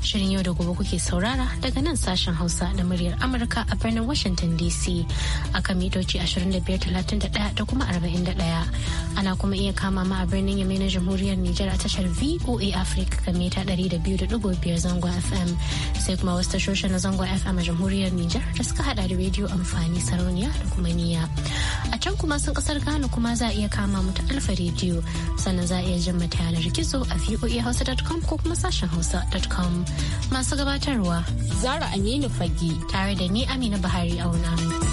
Shirin yau da gobe kuke saurara daga nan sashen Hausa da muryar Amurka a birnin Washington DC kan mitoci 2531 da kuma 41. ana kuma iya kama ma a birnin yamai na jamhuriyar Nijar a tashar VOA Africa ga mita 200.5 zangon FM sai kuma wasu tashoshin na zangon FM a jamhuriyar Nijar da suka hada da rediyo amfani sarauniya da kuma niya. A can kuma sun kasar Ghana kuma za a iya kama mu ta alfa rediyo sannan za a iya jin mata yanar gizo a voahausa.com ko kuma sashen hausa.com masu gabatarwa. Zara Aminu Fagi tare da ni Amina Buhari Auna.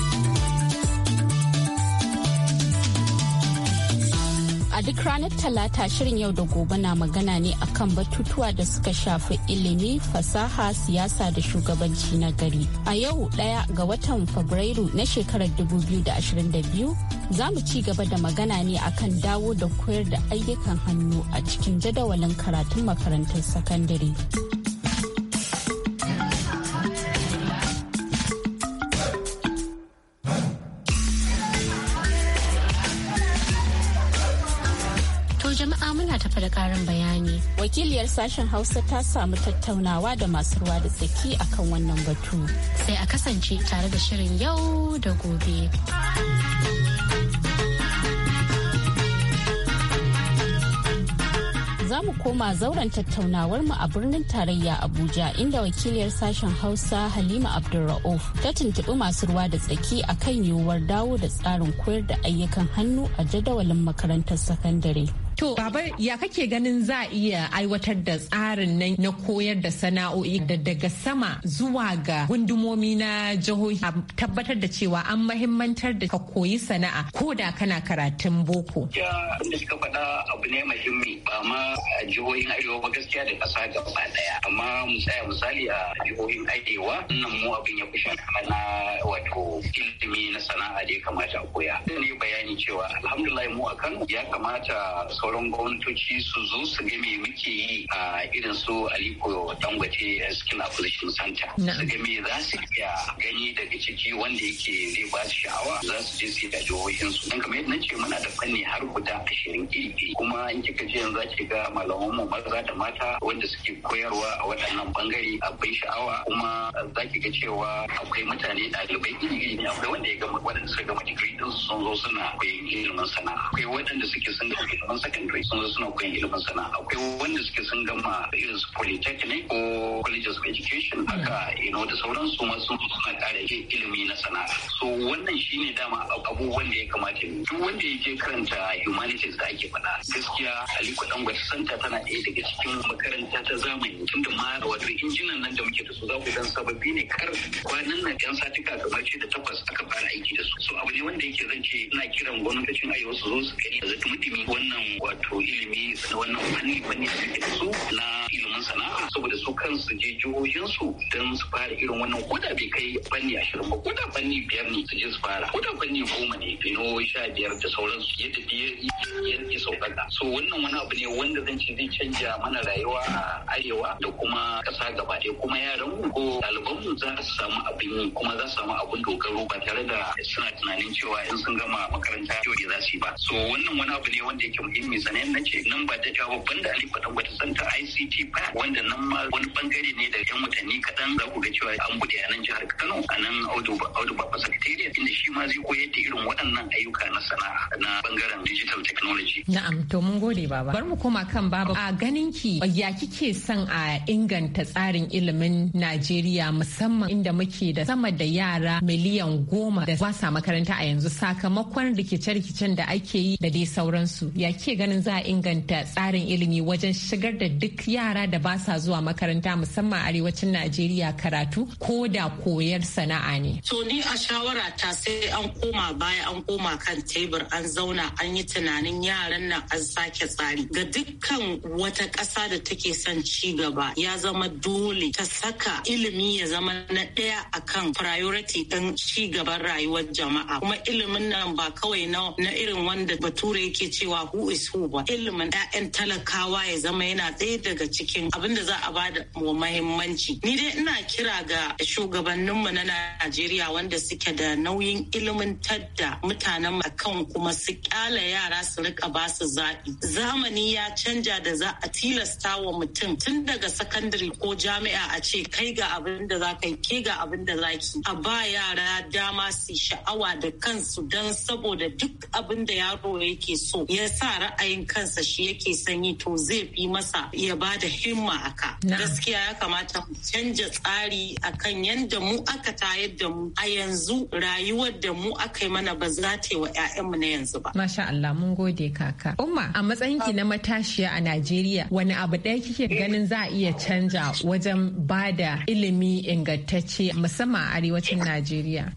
a duk ranar talata shirin yau da gobe na magana ne akan batutuwa da suka shafi ilimi fasaha siyasa da shugabanci na gari a yau daya ga watan fabrairu na shekarar 2022 za mu ci gaba da magana ne akan dawo da koyar da ayyukan hannu a cikin jadawalin karatun makarantar sakandare. wakiliyar sashen Hausa ta samu tattaunawa da masu ruwa da tsaki akan wannan batu. Sai a kasance tare da shirin yau da gobe. za mu koma zauren tattaunawar mu a birnin tarayya Abuja inda wakiliyar sashen Hausa Halima Abdulra'uf ta tuntuɓi masu ruwa da tsaki akan yiwuwar dawo da tsarin koyar da ayyukan hannu a jadawalin makarantar sakandare. To, Baba, ya kake ganin za a iya aiwatar da tsarin nan na koyar da sana'o'i da daga sama zuwa ga gundumomi na jihohi a tabbatar da cewa an mahimmantar da ka koyi sana'a ko da kana karatun boko. Ya da suka faɗa abu ne muhimmi ba ma a jihohin arewa ba gaskiya da ƙasa gaba ɗaya. Amma mu tsaya misali a jihohin arewa nan mu abin ya fi shafa na wato ilimi na sana'a da ya kamata a koya. Ne bayani cewa alhamdulillah mu a Kano ya kamata sauran gwamnatoci su zo su ga me muke yi a irin su aliko dangote Skin acquisition center su ga me za su iya gani daga ciki wanda yake zai ba su sha'awa za su je su yi a jihohin su don kamar yadda ce muna da fanni har guda ashirin iri kuma in kika ce yanzu ake ga malaman mu maza da mata wanda suke koyarwa a waɗannan bangare bai sha'awa kuma za ki ga cewa akwai mutane ɗalibai iri iri akwai wanda ya gama waɗanda suka gama digiri din sun zo suna koyon ilimin sana'a akwai waɗanda suke sun gama ilimin secondary sun zo suna koyan ilimin sana'a akwai wanda suke sun gama irin su polytechnic ko college of education haka ino da sauransu ma sun suna kare ilimi na sana'a so wannan shine dama abubuwan da ya kamata ne duk wanda ya je karanta humanities da ake faɗa gaskiya Aliko Dangote Santa tana ɗaya daga cikin makaranta ta zamani tunda ma wato injinan nan da muke da su za ku dan sababbi ne kar kwanan nan yan satika kamar ce da takwas aka fara aiki da su so abu ne wanda yake zan ce ina kiran gwamnatocin ayyuka su zo su gani da zata mutumi wannan wato ilimi na wannan fanni fanni da su na ilimin sana'a saboda su kansu je jihohinsu don su fara irin wannan koda bai kai fanni ashirin ba koda fanni biyar ne su je su fara koda fanni goma ne fino sha biyar da sauransu ya tafi ya sauƙaƙa so wannan wani abu ne wanda zan ce zai canja mana rayuwa a arewa da kuma ƙasa gaba ɗaya kuma yaran mu ko ɗaliban mu za su samu abin yi kuma za su samu abin dogaro ba tare da suna tunanin cewa in sun gama makaranta yau ne za su yi ba so wannan wani abu ne wanda yake muhimmi mai tsanani na ce nan ba da jawo da alifa ta wata santa ICT ba wanda nan ma wani bangare ne da yan watanni kaɗan za ku ga cewa an buɗe a nan jihar Kano a nan Audu Audu Baba Secretariat inda shi ma zai koyar da irin waɗannan ayyuka na sana'a na bangaren digital technology. Na'am to mun gode baba. Bar mu koma kan baba a ganin ki ya kike son a inganta tsarin ilimin Najeriya musamman inda muke da sama da yara miliyan goma da basa makaranta a yanzu sakamakon rikice-rikicen da ake yi da dai sauransu ya ke ganin ganin za a inganta tsarin ilimi wajen shigar da duk yara da ba sa zuwa makaranta musamman arewacin Najeriya karatu ko da koyar sana'a ne. To ni a shawara ta sai an koma baya an koma kan tebur an zauna an yi tunanin yaran nan an sake tsari ga dukkan wata ƙasa da take son ci gaba ya zama dole ta saka ilimi ya zama na ɗaya akan priority ɗin ci gaban rayuwar jama'a kuma ilimin nan ba kawai na irin wanda bature yake cewa who is who so ba ilimin 'ya'yan talakawa ya zama yana ɗaya daga cikin abin da za a ba wa muhimmanci. ni dai ina kira ga shugabanninmu na najeriya wanda suke da nauyin ilimin tadda mutanen kan kuma su kyala yara su rika ba su zaɓi zamani ya canja da za a tilasta wa mutum tun daga sakandare ko jami'a a ce kai ga abin da za ka yi ke ga abin da za ki a ba yara dama su sha'awa da kansu don saboda duk abin da yaro yake so ya sa ra'ayin kansa shi yake sanyi to zai fi masa ya ba da himma aka gaskiya ya kamata mu canja tsari a kan yadda mu aka tayar da mu a yanzu rayuwar da mu aka yi mana ba za ta yi wa 'ya'yanmu na yanzu ba masha Allah mun gode kaka umma a matsayinki na matashiya a Najeriya wani abu ɗaya kike eh. ganin za a iya canja wajen ba da ilimi ingantacce musamman a arewacin Najeriya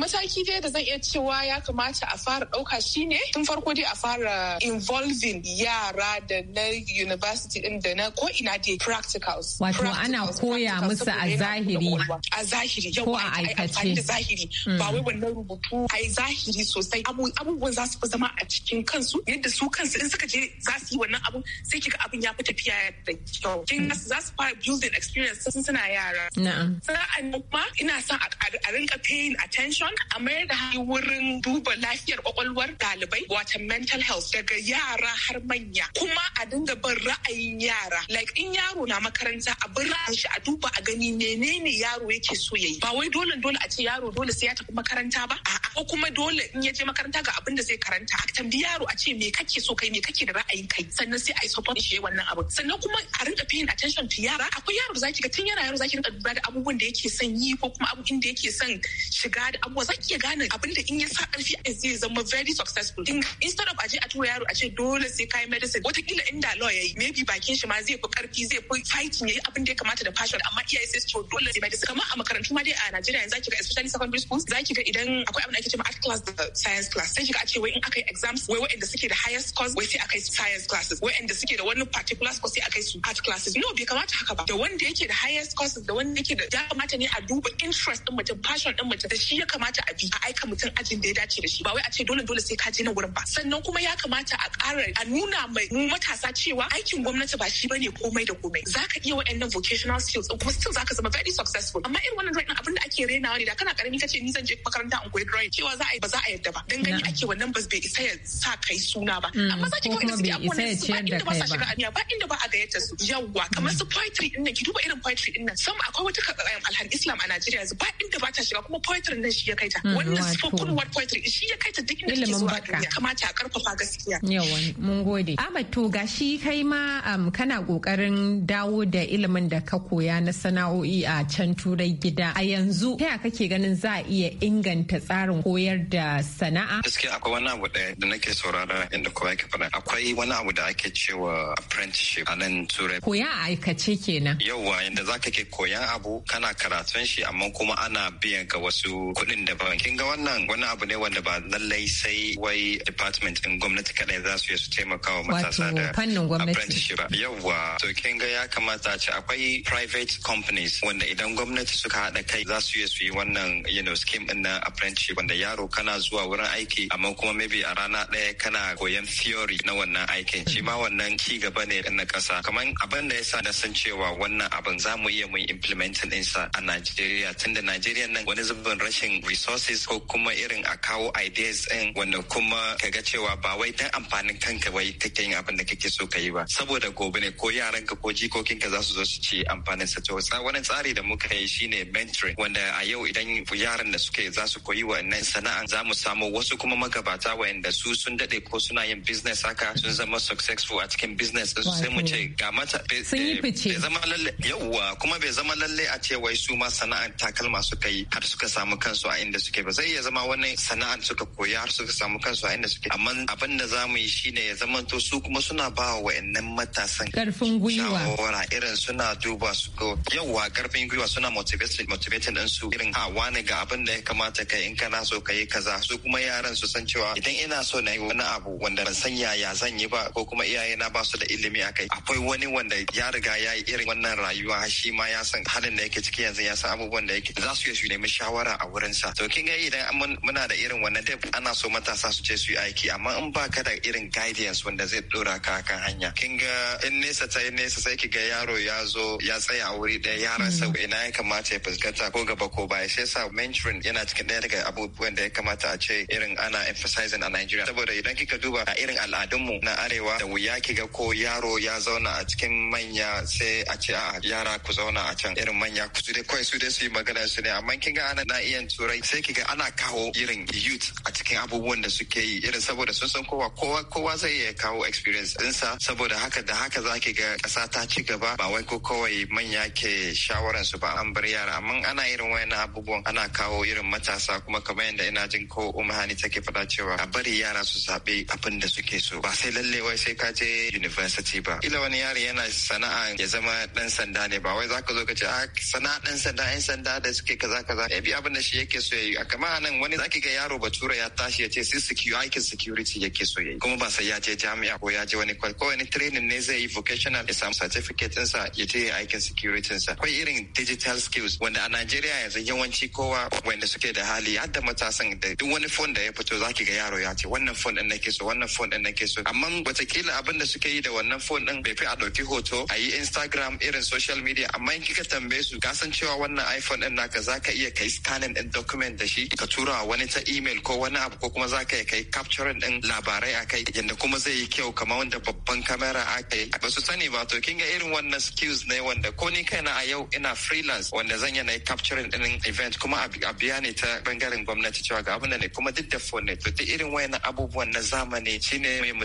mataki dai da zan iya cewa ya kamata a fara ɗauka shine tun farko dai a fara involve involving yara da na university din da na ko ina dai practicals. Wato ana koya musu a zahiri. A zahiri Ko a aikace. zahiri hmm. ba wai wannan rubutu a zahiri sosai abubuwan za su zama a cikin kansu yadda su kansu in suka je za su yi wannan abu sai kika abin ya fi tafiya da kyau. Kin za su fara building experience sun suna yara. Na'am. Sa'an kuma ina son a rinka paying attention a mayar da wurin duba lafiyar kwakwalwar ɗalibai wata mental health daga yara yara har manya kuma a dinga bin ra'ayin yara like in yaro na makaranta a bin ra'ayin shi a duba a gani menene yaro yake so yayi ba wai dole dole a ce yaro dole sai ya tafi makaranta ba a'a ko kuma dole in ya je makaranta ga abin da zai karanta a tambayi yaro a ce me kake so kai me kake da ra'ayin kai sannan sai a yi support shi wannan abu sannan kuma a rinka paying attention to yara akwai yaro zaki ga tun yana yaro zaki rinka duba da abubuwan da yake son yi ko kuma abubuwan da yake son shiga da abubuwa zaki iya gane abin da in ya sa karfi zai zama very successful instead of a je a tura yaro a ce dole sai kai medicine watakila inda law ya yayi maybe bakin shi ma zai fi karfi zai fi fighting yayi abin da ya kamata da passion amma iyaye sai su oh, dole sai medicine kamar a makarantu ma dai a Najeriya yanzu zaki ga especially secondary schools zaki ga idan akwai abin da ake cewa art class da science class sai kiga a ce wai in akai exams wai waɗanda suke da highest scores wai sai akai science classes waɗanda suke da wani particular score sai akai su art classes no bai kamata haka ba da wanda yake da highest scores da wanda yake da ya kamata ne a duba interest din mutum passion din mutum da shi ya kamata a bi a aika mutum ajin da ya dace da shi ba wai a ce dole dole sai ka je na wurin ba sannan kuma ya kamata a ƙara a nuna mai matasa cewa aikin gwamnati ba shi bane komai da komai Za ka iya wa'annan vocational skills kuma still ka zama very successful amma irin wannan drawing abin da ake renawa ne da kana karami kace ni zan je makaranta in koyi drawing cewa za a yi ba za a yadda ba dan gani ake wannan ba bai isa ya sa kai suna ba mm, amma za ki kawai da suke abubuwan su ba inda ba sa shiga aniya ba inda ba a gayyata su yawwa kamar su poetry din nan ki duba irin poetry din nan Sam akwai wata um, alhan islam a Najeriya yanzu ba inda ba ta shiga kuma poetry din shi ya kaita mm, wannan spoken word poetry shi ya kaita duk inda ke zuwa kamata a karfafa gaskiya wani mun gode Ahmad to gashi kai ma um, kana kokarin dawo da ilimin da ka koya na sana'o'i a can turai gida a yanzu ta ya kake ganin za a iya inganta tsarin koyar da sana'a gaskiya akwai wani abu ɗaya da nake saurara inda kowa yake faɗa akwai wani abu da ake cewa apprenticeship a nan turai koya a aikace kenan yauwa yanda za ka ke koyan abu kana karatun shi amma kuma ana biyan ka wasu kuɗin daban kin ga wannan wani abu ne wanda ba lallai sai wai department ɗin gwamnati kaɗai za su su su taimaka wa matasa da fannin apprenticeship yawwa to kin ga ya kamata ce akwai private companies wanda idan gwamnati suka haɗa kai za su iya su yi wannan you know scheme din na apprenticeship wanda yaro kana zuwa wurin aiki amma kuma maybe a rana daya kana koyan theory na wannan aikin shi ma wannan ci gaba ne na kasa kamar abin da yasa na san cewa wannan abin za mu iya mu implementing insa a Najeriya tunda Najeriya nan wani zubin rashin resources ko kuma irin a kawo ideas din wanda kuma kaga cewa ba wai dan amfanin daɗin kanka wai kake yin abin da kake so ka yi ba saboda gobe ne ko yaranka ko jikokinka za su zo su ci amfanin sa to wani tsari da muka yi shine mentoring wanda a yau idan yaran da suke za su koyi wa nan sana'a za mu samu wasu kuma magabata wa'anda su sun daɗe ko suna yin business haka sun zama successful a cikin business sai mu ce ga mata eh, bai zama lalle yauwa kuma bai zama lalle a ce wai su ma sana'an takalma suka yi har suka samu kansu a inda suke ba zai iya zama wani sana'a suka koya har suka samu kansu a inda suke amma abin da za mu yi shine ya to su kuma suna ba wa wayannan matasan karfin gwiwa shawara irin suna duba su ko yawa karfin gwiwa suna motivating din su irin a wani ga abin da ya kamata kai in kana so kai kaza su kuma yaran su san cewa idan ina so na yi wani abu wanda ban san yaya zan yi ba ko kuma iyayena ba su da ilimi akai akwai wani wanda ya riga ya yi irin wannan rayuwa shi ma ya san halin da yake ciki yanzu ya san abubuwan da yake za su yi nemi shawara a wurinsa to kin ga idan muna da irin wannan dai ana so matasa su je su yi aiki amma in ba ka da irin irin guidance wanda zai dora ka kan hanya kin ga in nesa ta nesa sai ki ga yaro ya zo ya tsaya a wuri ɗaya yaran rasa mm. ina ya kamata ya fuskanta ko gaba ko baya sai sa mentoring yana cikin ɗaya daga abubuwan da ya kamata a ce irin ana emphasizing a Nigeria saboda idan kika duba a irin al'adunmu na arewa da wuya ki ga ko yaro ya zauna a cikin manya sai a ce a yara ku zauna a can irin manya ku dai kawai su dai su yi magana su ne amma kin ga ana na iya turai sai ki ga ana kawo irin youth a cikin abubuwan da suke yi irin saboda sun san kowa kowa kowa zai iya kawo experience ɗinsa saboda haka da haka za ki ga ƙasa ta ci gaba ba wai ko kawai manya ke shawaran su ba an bar yara amma ana irin wayannan abubuwan ana kawo irin matasa kuma kamar yadda ina jin ko umahani take faɗa cewa a bari yara su zaɓi abin da suke so ba sai lalle wai sai ka je university ba ila wani yari yana sana'a ya zama ɗan sanda ne ba wai zaka zo ka ce a ah, sana'a ɗan sanda ɗan sanda da suke kaza kaza ebi abin da shi yake so yayi kamar nan wani zaki ga yaro bature ya tashi ya ce sai security ya security yake so yayi kuma kuma sai ya je jami'a ko ya je wani ko wani training ne zai yi vocational ya samu certificate sa ya je aikin security sa akwai irin digital skills wanda a Najeriya yanzu yawanci kowa wanda suke da hali har da matasan da duk wani phone da ya fito zaki ga yaro ya ce wannan phone din nake so wannan phone din nake so amma watakila abin da suke yi da wannan phone din bai fi a ɗauki hoto a yi Instagram irin social media amma in kika tambaye su ka san cewa wannan iPhone din naka zaka iya kai scanning din document da shi ka tura wani ta email ko wani abu ko kuma zaka iya kai capturing din labarai akai yadda kuma zai yi kyau kamar wanda babban kamera aka yi ba su sani ba to kin ga irin wannan skills ne wanda ko ni kaina a yau ina freelance wanda zan yana capturing din event kuma a biya ne ta bangaren gwamnati cewa ga abin ne kuma duk da phone ne to duk irin wayannan abubuwan na zamani shine mai mu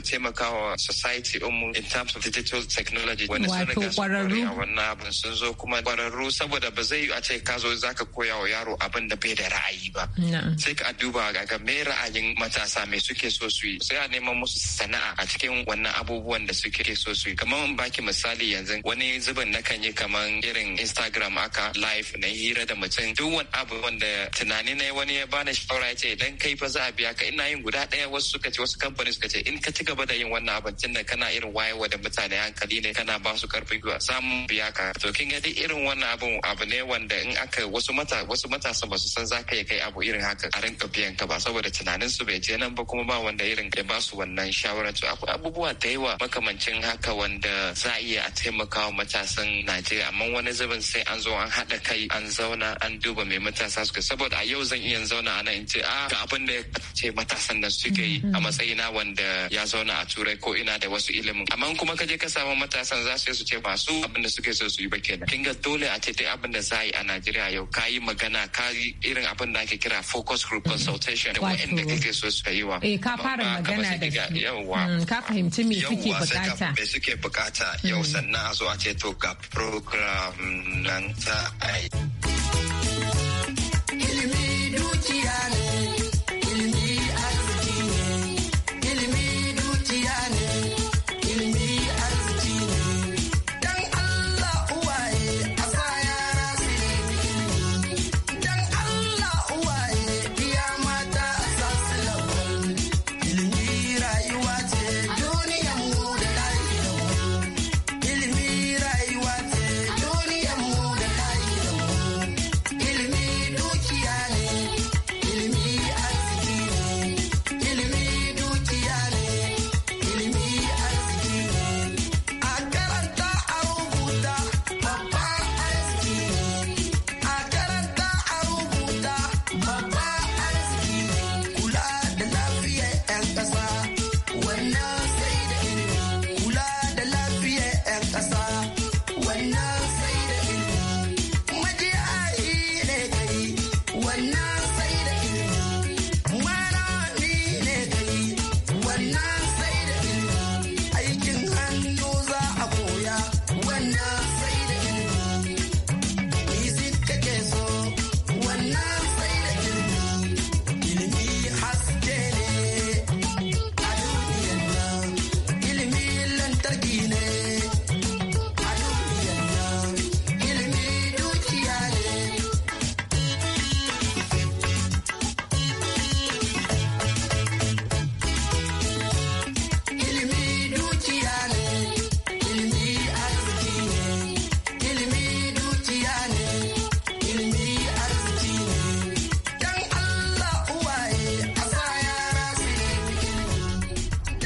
wa society din in terms of digital technology wanda sun riga sun wannan abin sun zo kuma kwararru saboda ba zai a ce ka zo zaka koya wa yaro abin da bai da ra'ayi ba sai ka duba ga me ra'ayin matasa me suke so su yi sai a neman musu sana'a a cikin wannan abubuwan da suke so su yi kamar in baki misali yanzu wani zubin na kan yi kamar irin instagram aka live na hira da mutum duk wani abu wanda tunani na wani ya bani shawara ya ce idan kai fa za a biya ka ina yin guda ɗaya wasu suka ce wasu kamfani suka ce in ka ci gaba da yin wannan abincin da kana irin wayewa da mutane hankali ne kana ba su karfi gwiwa samun biya ka to kin ga duk irin wannan abu abu ne wanda in aka wasu mata wasu matasa ba su san za ka yi kai abu irin haka a rinka biyan ka ba saboda tunanin su bai je nan ba kuma ba wanda irin ya ba su wannan bayan shawara to akwai abubuwa da yawa makamancin haka wanda za a iya a taimaka wa matasan najeriya amma wani zubin sai an zo an haɗa kai an zauna an duba mai matasa suka saboda a yau zan iya zauna ana in ce a ah, ga abin da ya ce matasan da suke yi a matsayina wanda ya zauna a turai ko ina da wasu ilimin amma kuma ka je ka samu matasan za su su ce masu abin da suke so su yi ba kenan kinga dole a ce dai abin da za a yi a najeriya yau ka yi magana ka yi irin abin da ake kira focus group consultation da wa'anda kake so su yi wa eh ka fara magana da su yawwa mm, ka fahimci me suke bukata me suke bukata yau mm. sannan a zo a ce to ga program nan ta ai ilimi dukiya ne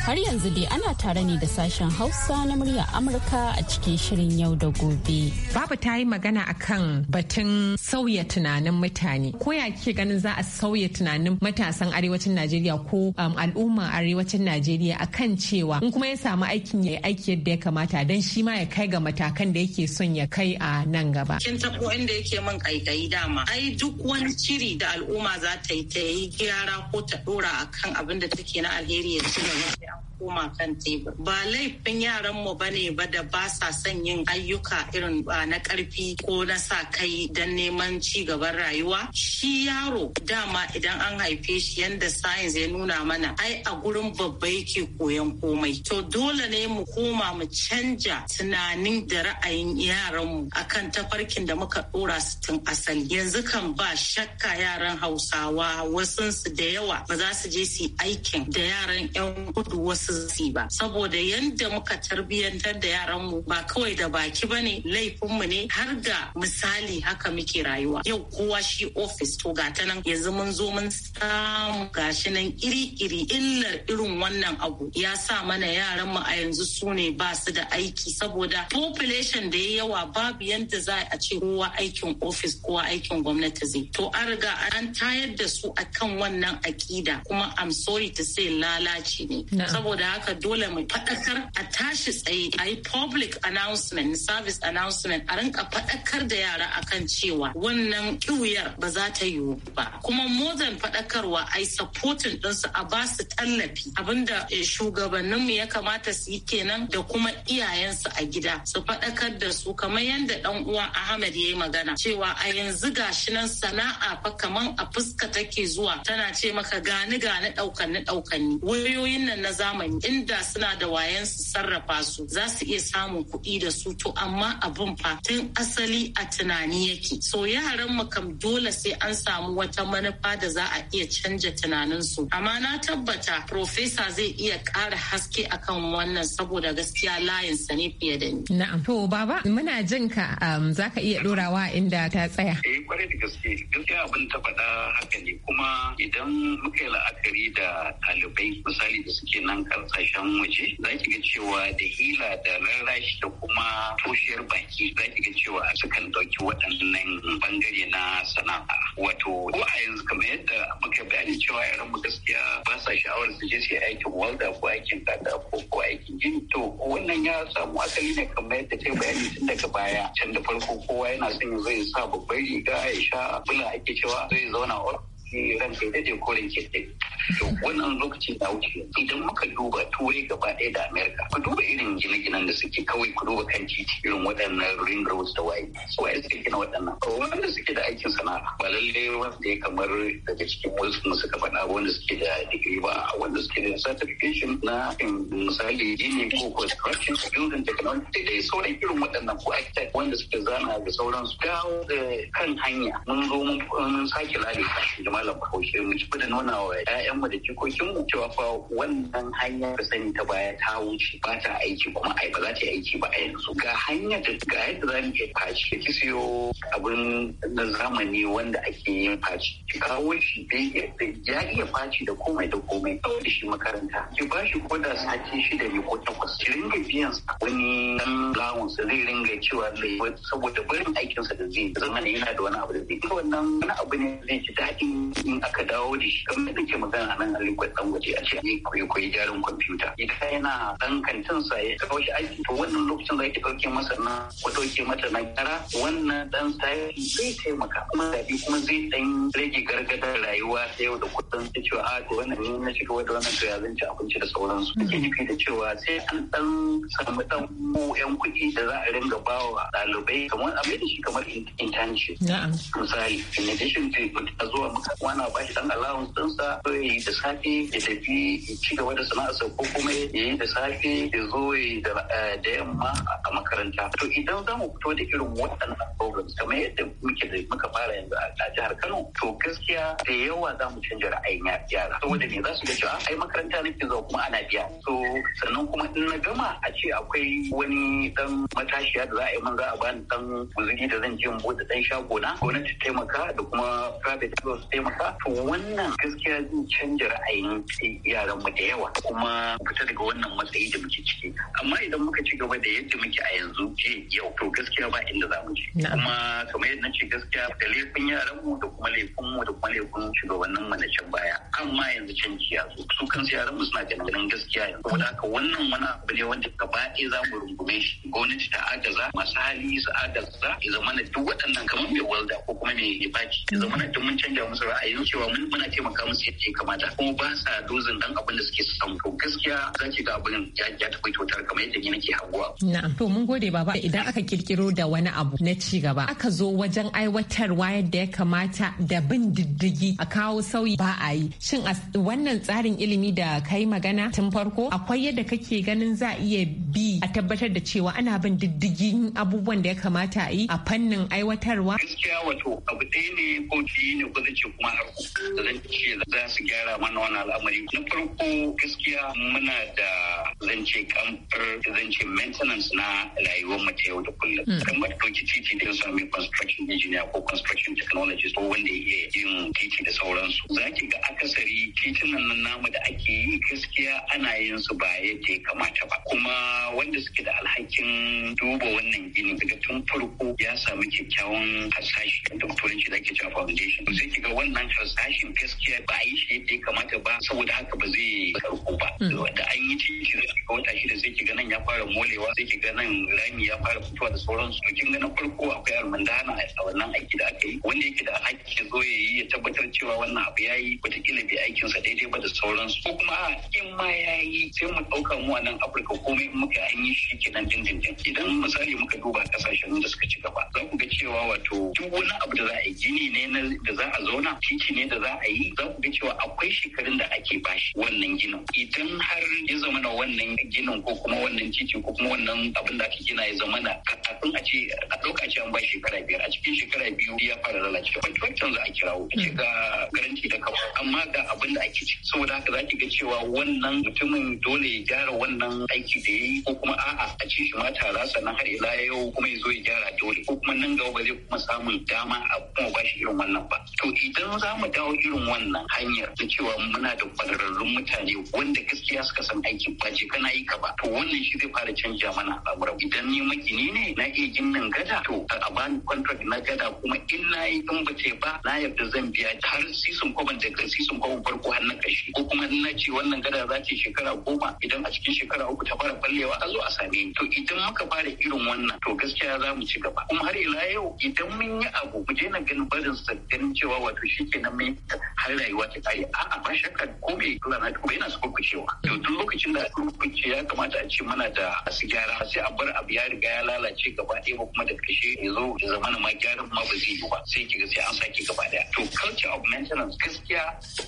Har yanzu dai ana tare ne da sashen Hausa na murya Amurka a cikin shirin yau da gobe. Babu ta yi magana akan batun sauya tunanin mutane. Ko ya kike ganin za a sauya tunanin matasan arewacin Najeriya ko um, al'umma arewacin Najeriya akan cewa in kuma ya samu aikin ya aiki yadda ya kamata don shi ma ya kai ga matakan da yake son ya kai a nan gaba. Kin tabo inda yake min kaikayi dama. Ai duk wani shiri da al'umma za ta yi ta yi gyara ko ta dora akan abin da take na alheri ya ci gaba. now. koma kan tebur ba laifin yaran mu bane ba da ba sa son yin ayyuka irin ba ah, na karfi ko na sa kai don neman ci gaban rayuwa shi yaro dama idan an haife shi yanda science ya nuna mana ai a gurin babba yake koyan komai to dole ne mu koma mu canja tunanin da ra'ayin yaran mu akan tafarkin da muka dora su tun asali yanzu kan ba shakka yaran hausawa wasunsu da yawa ba za su je su yi aikin da yaran yan kudu wasu sisi ba saboda yadda muka tarbiyyantar da yaranmu ba kawai da baki ba ne laifinmu ne har ga misali haka muke rayuwa yau kowa shi ofis to ga nan yanzu mun zo mun samu gashi nan iri-iri illar irin wannan abu ya sa mana yaranmu a yanzu su ne ba su da aiki saboda population da ya yawa babu yadda za a ce kowa aikin ofis kowa aikin gwamnati zai to an riga an tayar da su akan wannan akida kuma am sorry to say lalaci ne saboda saboda haka dole mu faɗakar a tashi tsaye a yi public announcement service announcement a rinka faɗakar da yara a kan cewa wannan kiwuyar ba za ta yiwu ba kuma modern faɗakarwa a yi supporting ɗinsu a ba su tallafi abinda eh, shugabanninmu ya kamata su yi kenan da kuma iyayensu a gida su faɗakar da su kamar yadda ɗan uwa Ahmad ya yi magana cewa a yanzu gashi nan sana'a fa kamar a fuska take zuwa tana ce maka gani gani ɗaukanni ɗaukanni wayoyin nan na zamani zamani inda suna da wayan su sarrafa su za su iya samun kuɗi da su to amma abin fa tun asali a tunani yake so yaran mu kam dole sai an samu wata manufa da za a iya canja tunanin su amma na tabbata profesa zai iya ƙara haske akan wannan saboda gaskiya layin sa ne fiye da ni na'am to baba muna jin ka um, zaka iya dorawa inda ta tsaya eh kwarai da gaske gaskiya abin ta faɗa haka ne kuma idan muka yi la'akari da ɗalibai misali da suke nan karkashin waje za ki ga cewa da hila da rarrashi da kuma toshiyar baki za ki ga cewa sukan ɗauki waɗannan bangare na sana'a wato ko a yanzu kamar yadda muka bayani cewa yaran mu gaskiya ba sa sha'awar su je su aikin walda ko aikin tata ko ko aikin gini to wannan ya samu asali ne kamar yadda ta bayani tun daga baya can da farko kowa yana son zai sa babbar riga ya sha bula ake cewa zai zauna a ranka da je koren kirkin to wannan lokacin da wuce idan muka duba turai gaba ɗaya da amerika ku duba irin gine-ginen da suke kawai ku duba kan titi irin waɗannan ring roads da waye waye suke gina waɗannan wanda suke da aikin sana'a ba lalle wanda ya kamar daga cikin wasu mu suka faɗa wanda suke da digiri ba wanda suke da certification na misali gini ko construction building technology da sauran irin waɗannan ko architect wanda suke zana da sauransu dawo da kan hanya mun zo mun sake lalata jama'a malam bahaushe mu ci da nuna wa ƴaƴanmu da mu cewa fa wannan hanya da sani ta baya ta wuce ba ta aiki kuma ai ba za ta yi aiki ba a yanzu ga hanya da ga yadda za mu iya faci ki siyo abin na zamani wanda ake yin faci ki kawo shi ya iya faci da komai da komai kawo da shi makaranta ki ba shi ko da sati shida ne ko takwas ki ringa biyan sa. wani dan sa zai ringa cewa zai saboda barin aikinsa da zai zama yana da wani abu da zai wannan wani abu ne zai ji daɗin in aka dawo da shi kamar yadda ke magana a nan a linkwai dan waje a ce ni kwaikwayi jarin kwamfuta idan yana dan kantin sa ya kawo shi aiki to wannan lokacin za ki ɗauke masa na Ko ɗauke mata na gara wannan dan sayi zai taimaka kuma zaɓi kuma zai ɗan rage gargadar rayuwa ta yau da kullum ta cewa a ah, to wannan ne na shiga wata wannan to ya zan ci abinci da sauransu mm. Ake nufi da cewa sai an ɗan samu ɗan yan kuɗi da za a ringa bawa ɗalibai kamar abin da shi kamar internship misali in addition to zuwa kuma ana ba shi dan allowance ɗinsa so yi da safe ya tafi ci gaba da sana'arsa ko kuma ya yi da safe ya zo eh, da yamma a makaranta to idan za mu fito da irin waɗannan programs kamar yadda muke da muka fara yanzu a jihar Kano to gaskiya da yawa za mu canja ra'ayin yara saboda me za su ga cewa ai makaranta na zuwa kuma ana biya so sannan kuma in na gama a ce akwai wani dan matashiya da za a yi man za a bani dan guzuri da zan je mu bude dan shago na gwamnati taimaka da kuma private su taimaka masa to wannan gaskiya zai canja ra'ayin yaran mu da yawa kuma fita daga wannan matsayi da muke ciki amma idan muka ci gaba da yadda muke a yanzu je eh, yau to gaskiya ba inda za mu je kuma kamar yadda ce gaskiya da laifin yaran mu da kuma laifin mu da kuma laifin shugabannin mu na can baya amma yanzu canji ya zo su kansu yaran mu suna ganin gaskiya yanzu kuma haka wannan wani abu ne wanda gaba ɗaya za mu rungume shi gwamnati ta agaza masu hali su agaza ya zama duk waɗannan kamar mai walda ko kuma mai baki ya zama duk mun canja musu ra'ayin cewa mun muna taimaka musu yadda ya kamata kuma ba sa dozin dan abin da suke samu to gaskiya za ki ga abin ya tafi kyautar kamar yadda ni nake haguwa. Na'am to mun gode baba idan aka kirkiro da wani abu na ci gaba aka zo wajen aiwatarwa yadda ya kamata da bin diddigi a kawo sauyi ba a yi shin a wannan tsarin ilimi da kai magana tun farko akwai yadda kake ganin za a iya bi a tabbatar da cewa ana bin diddigin abubuwan da ya kamata a yi a fannin aiwatarwa. Gaskiya wato abu ɗaya ne ko ne ko zai ce mana zan ce za su gyara mana wani al'amari na farko gaskiya muna da zance kamfar zance maintenance na rayuwar mu ta yau da kullum hmm. kamar ɗauki titi da sami construction engineer ko construction technologist ko wanda ya yin titi da sauransu za ki ga akasari titunan nan namu da ake yi gaskiya ana yin su ba yadda ya kamata ba kuma wanda suke da alhakin duba wannan gini daga tun farko ya samu kyakkyawan hasashi da turanci da ake cewa foundation sai ki ga wanda wannan harsashin gaskiya ba a yi shi yadda ya kamata ba saboda haka ba zai karu Mm. wanda an yi ciki da wata shida sai ki ganin ya fara molewa sai ki ganin rami ya fara fitowa da sauransu to kin ganin farko akwai almandana a wannan aiki da aka yi wanda yake da haƙƙi zo ya yi ya tabbatar cewa wannan abu ya yi wataƙila bai aikin sa daidai ba da sauransu ko kuma a in ma ya yi sai mu ɗauka mu a nan Afirka komai muka an yi shi kenan dindindin idan misali muka duba kasashen da suka ci gaba za ku ga cewa wato duk wani abu da za a yi gini ne da za a zauna titi ne da za a yi za ku ga cewa akwai shekarun da ake bashi wannan ginin idan in har ya zama na wannan ginin ko kuma wannan titi ko kuma wannan abin da ake gina ya zama na kafin a ce a ɗauka ce an ba shekara biyar a cikin shekara biyu ya fara lalacewa wancan za a kirawo a ce ga garanti da kafa amma ga abin da ake ci saboda haka za ki ga cewa wannan mutumin dole ya gyara wannan aiki da ya yi ko kuma a'a a ci shi ma tara sannan har ila yau kuma ya zo ya gyara dole ko kuma nan gaba ba zai kuma samun dama a kuma ba shi irin wannan ba to idan za mu dawo irin wannan hanyar da cewa muna da kwararrun mutane wanda gaskiya gaskiya suka san aikin ba ce kana yi ka ba to wannan shi zai fara canja mana al'amura idan ni makini ne na iya nan gada to a bani contract na gada kuma in na yi in bace ba na yarda zan biya har sisin kwaban daga sisin kwaban farko har na kashi ko kuma na ce wannan gada za ta shekara goma idan a cikin shekara uku ta fara fallewa a zo a same ni to idan muka fara irin wannan to gaskiya za mu ci gaba kuma har ila yau idan mun yi abu mu na ganin barin sa ganin cewa wato shi kenan mun har rayuwa ta kai a'a ba shakka ko me kula na ko yana su cewa to duk lokacin da aka hukunci ya kamata a ce mana da su gyara sai a bar abu ya riga ya lalace gaba ɗaya ba kuma da kashe ya zo ya zama ma gyaran ma ba zai yi ba sai kiga sai an sake gaba ɗaya to culture of maintenance gaskiya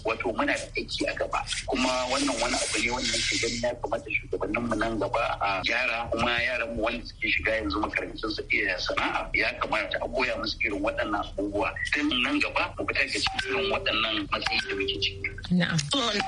wato muna da aiki a gaba kuma wannan wani abu ne wanda yake ganin ya kamata shugabannin mu nan gaba a gyara kuma yaran mu wanda suke shiga yanzu makarantun su iya sana'a ya kamata a koya musu irin waɗannan abubuwa tun nan gaba mu fita ga cikin waɗannan matsayi da muke ciki. Na'am.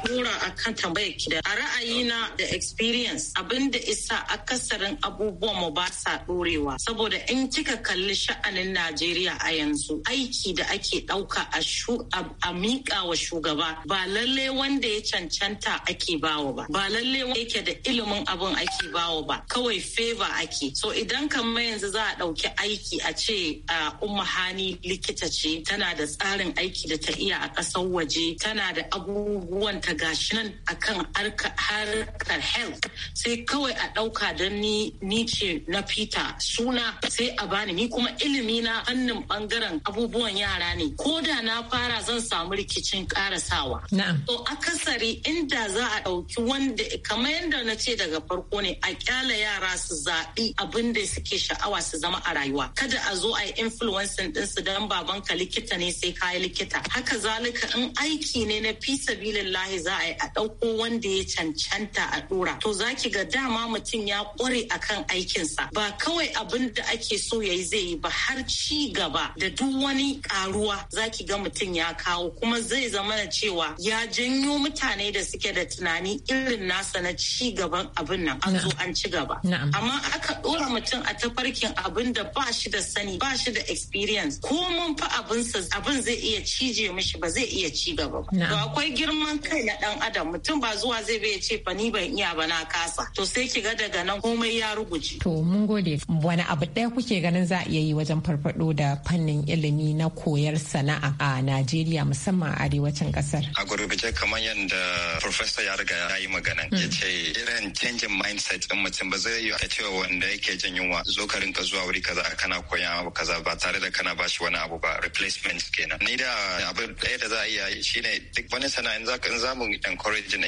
Kuma a kan tambayar ki da a ra'ayina da experience abinda isa akasarin abubuwan mu ba sa dorewa saboda in kika kalli sha'anin Najeriya a yanzu aiki da ake ɗauka a shu a mika wa shugaba ba lalle wanda ya cancanta ake bawa ba ba lalle wanda yake da ilimin abin ake bawa ba kawai favor ake so idan kamar yanzu za a dauki aiki a ce umma hani likita ce tana da tsarin aiki da ta iya a ƙasar waje tana da abubuwan ta gashinan akan harkar health sai kawai a ɗauka don ni ni ce na fita. suna sai a bani ni kuma ilimi na hannun bangaren abubuwan yara ne ko da na fara zan samu rikicin karasawa to akasari inda za a ɗauki wanda kamar yadda na ce daga farko ne a kyala yara su zaɓi abin da suke sha'awa su zama a rayuwa kada a zo a yi influencing ɗinsu don babanka likita ne sai kayi likita haka zalika in aiki ne na fi sabilillahi za a yi a ɗauko wanda ya cancanta a dora to zaki ga dama mutum ya kware akan aikinsa ba kawai abin da ake so yayi zai yi ba har ci gaba da duk wani karuwa zaki ga mutum ya kawo kuma zai zama na cewa ya janyo mutane da suke da tunani irin nasa na ci gaban abin nan an zo an ci gaba amma aka dora mutum a tafarkin abin da ba shi da sani ba shi da experience ko mun fa sa abin zai iya cije mishi ba zai iya ci gaba ba akwai girman kai na dan adam mutum ba zuwa zai bai ce fa ni ban iya ba na kasa to sai ki ga daga nan komai ya ruguje to mun gode wani abu ɗaya kuke ganin za a iya yi wajen farfado da fannin ilimi na koyar sana'a a Najeriya musamman a arewacin kasar a gurguje kamar yadda professor ya riga ya yi magana mm. ya ce irin canjin mindset din mutum ba zai yi a cewa wanda yake jin yunwa zo ka rinka zuwa wuri kaza kana koyan abu kaza ba tare da kana bashi wani abu ba replacement kenan ni da abu ɗaya da za a iya shine duk wani sana'a in za mu encourage din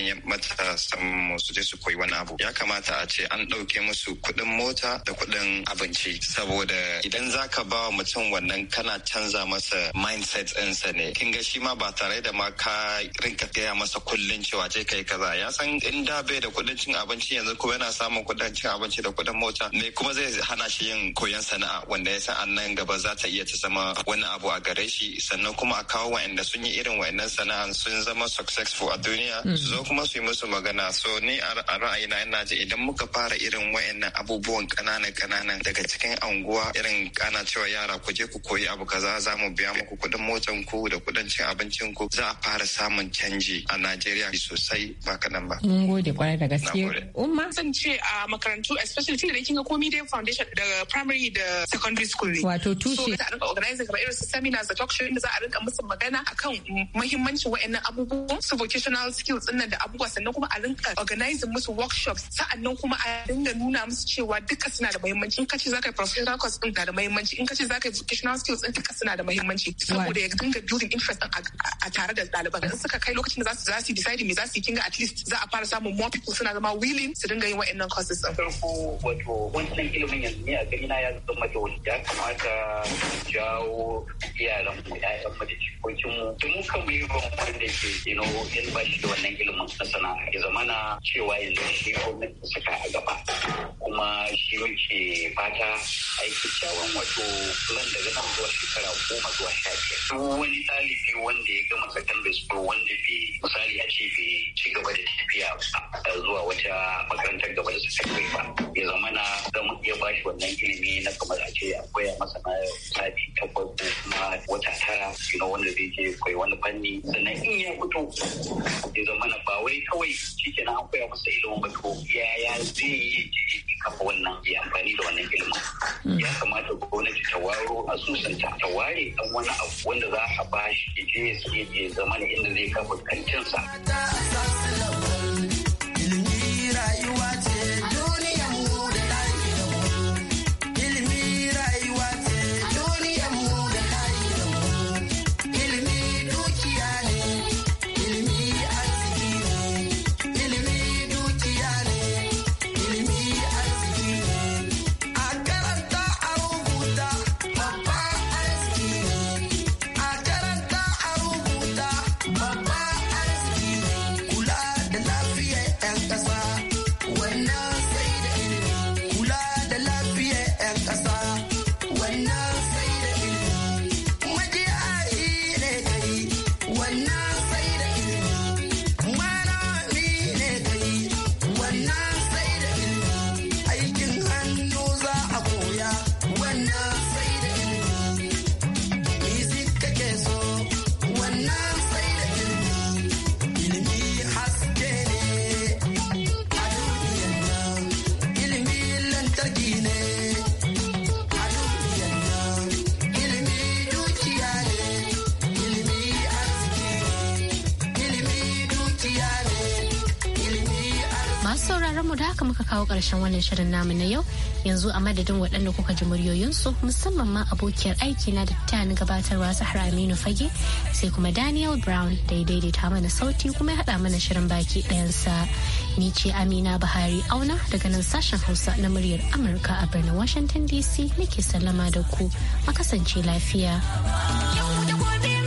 sa san su je su koyi wani abu ya kamata a ce an ɗauke musu kuɗin mota da kuɗin abinci saboda idan zaka ba wa mutum wannan kana canza masa mindset ɗinsa ne kin ga shi ma ba tare da ma ka rinka gaya masa kullun cewa je kai kaza ya san in da bai da kuɗin cin abinci yanzu kuma yana samun kuɗin cin abinci da kuɗin mota ne kuma zai hana shi yin koyon sana'a wanda ya san an nan gaba za ta iya ta zama wani abu a gare shi sannan kuma a kawo wa'anda sun yi irin wa'annan sana'a sun zama successful a duniya mm. su zo kuma su yi musu musu magana so ni a ra'ayina ina ji idan muka fara irin wayannan abubuwan kananan kananan daga cikin anguwa irin kana cewa yara ku je ku koyi abu kaza za mu biya muku kuɗin motan ku da kuɗin abincin ku za a fara samun canji a Najeriya sosai ba kanan ba. Mun gode kwarai da gaske. Umma zan ce a makarantu especially da kin ga komai dai foundation daga primary da secondary school ne. Wato tushe. So za a rinka organizing kamar irin su seminars da talk show da za a rinka musu magana akan muhimmancin wa'annan abubuwan su vocational skills din da abubuwa sannan sannan kuma a rinka organizing musu workshops sa'annan kuma a dinga nuna musu cewa duka suna da muhimmanci in kace zaka professional course din da muhimmanci in kace zaka educational skills din duka suna da muhimmanci saboda ya dinga building interest a tare da ɗaliban in suka kai lokacin da za su decide me za su yi kinga at least za a fara samun more people suna zama willing su dinga yin wa'annan courses din farko wato wannan ilimin yanzu ne a gani na ya zama da wani ya kamata jawo yaran mu ƴaƴan mu da cikokin mu mu kan mu yi ban wanda ke you know in ba shi da wannan ilimin sana'a ya zamana cewa yanzu shi gwamnati saka a gaba kuma shi yake fata a yi kyakkyawan wato plan da nan zuwa shekara goma zuwa sha biyar wani ɗalibi wanda ya gama secondary school wanda bai misali a ce bai ci gaba da tafiya zuwa wata makarantar gaba da secondary ba ya zamana za mu iya bashi wannan ilimi na kamar a ce a koya masa na sati takwas ko kuma wata tara wanda zai je koyi wani fanni sannan in ya fito ya zamana ba wai kawai kawai shi kenan an koya masa ilimin ya yaya zai yi kafa wannan ya amfani da wannan ilimin hmm. ya kamata gwamnati ta waro a susanta ta ware dan wani abu wanda za a bashi ya je ya je zama inda zai kafa kantinsa. Ilimi masu sauraron mu da haka muka kawo karshen wannan shirin namu na yau yanzu a madadin waɗanda kuka ji muryoyinsu musamman ma abokiyar aiki na da ta ni gabatarwa sahara aminu fage sai kuma daniel brown da ya daidaita mana sauti kuma ya haɗa mana shirin baki ɗayansa ni ce amina bahari auna daga nan sashen hausa na muryar amurka a birnin washington dc nake sallama da ku makasance lafiya. Yau da gobe.